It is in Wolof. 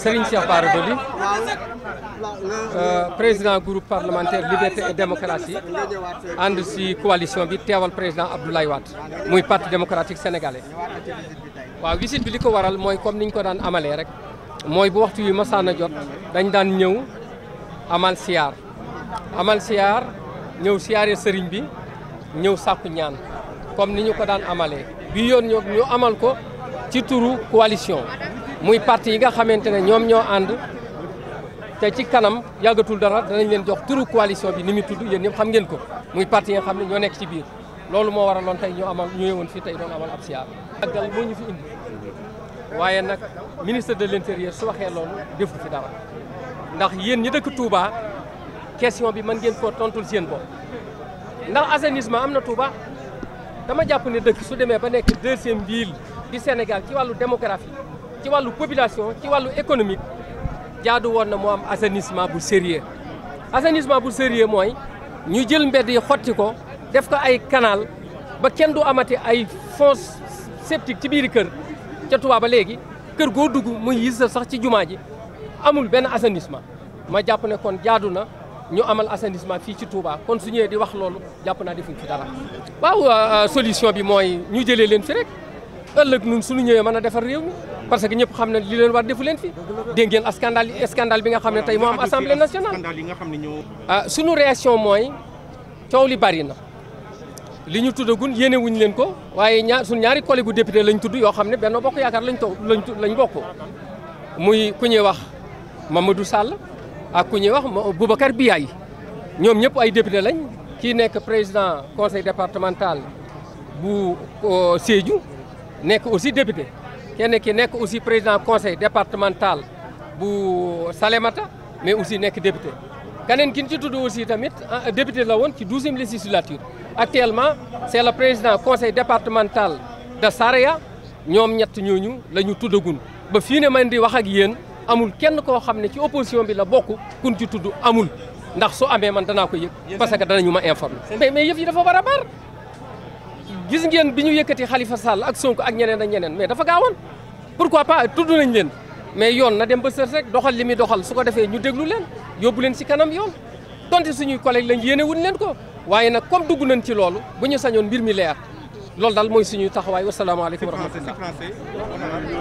Serigne Cheikh eh, Bara Dolly président groupe parlementaire liberté et démocratie ànd ci coalition bi teewal président Abdoulaye Wade muy parti démocratique sénégalais waaw visite bi li ko waral mooy comme ñu ko daan amalee rek mooy bu waxtu yu ma a jot dañ daan ñëw amal siyaar amal siyaar ñëw siyaare sëriñ bi ñëw sàkku ñaan comme ni ñu ko daan amalee bi yoon ñoo ñu amal ko ci turu coalition muy parti yi nga xamante ne ñoom ñoo ànd te ci kanam yàggatul dara danañ leen jox turu coalition bi ni mu tudd yéen ñëpp xam ngeen ko muy parti yi xam ne ñoo nekk ci biir loolu moo waraloon tey ñu amal ñu ñëwoon fii tey doon amal ab siyaar àggal moo ñu fi indi waaye nag ministre de l'intérieur su waxee loolu defu fi dara ndax yéen ñi dëkk Touba question bi man ngeen koo tontul seen bopp ndax assainissement am na Touba dama jàpp ne dëkk su demee ba nekk deuxième ville du Sénégal ci wàllu démographie ci wàllu population ci wàllu économique jaadu woon na mu am assainissement bu sérieux assainissement bu sérieux mooy ñu jël mbedd yi xotti ko def ko ay kanaal ba kenn du amati ay fosse septique ci biir kër ca Touba ba léegi kër goo dugg muy yissa sax ci jumaa ji amul benn assainissement ma jàpp ne kon jaadu na ñu amal assainissement fii ci Touba kon su di wax loolu jàpp naa defuñ fi dara. waaw euh, solution bi mooy ñu jëlee leen fi rek ëllëg ñun suñu ñëwee mën a defar réew mi. parce que ñëpp xam ne li leen war defu leen fi dégg ngeen scandale bi nga xam ne tey moo am assemblée nationale ah suñu réaction mooy coow li bari na li ñu tuddagun yéene wuñ leen ko waaye ñaar suñu ñaari collègue député lañ tudd yoo xam ne Benno Bokk Yaakaar lañ toog lañ lañ bokk muy ku ñuy wax Mamadou Sall ak ku ñuy wax bi ay ñoom ñëpp ay député lañ kii nekk président conseil départemental bu euh, Sédhiou nekk aussi député kenn ki nekk aussi président conseil départemental bu Salémata mais aussi nekk député keneen ki ñu ci tudd aussi tamit ah, député la woon ci douzième législature actuellement c' est le président conseil départemental de Saraya ñoom ñett ñooñu la ñu tuddagun ba fii ne man di wax ak yéen amul kenn koo xam ne ci opposition bi la bokk kun ci tudd amul ndax su amee man danaa ko yëg parce que danañu ma informer mais mais yëf yi dafa war gis ngeen bi ñu yëkkati Khalifa Sall ak Sonko ak ñeneen ak ñeneen mais dafa gaawoon pourquoi pas tudd nañ leen mais yoon na dem ba sër rek doxal li muy doxal su ko defee ñu déglu leen yóbbu leen ci kanam yoon tonti suñuy collègue lañ yéene wuñ leen ko waaye na comme dugg nañ ci loolu bu ñu sañoon mbir mi leer loolu daal mooy suñuy taxawaay wasalaamaaleykum wa rahmatullah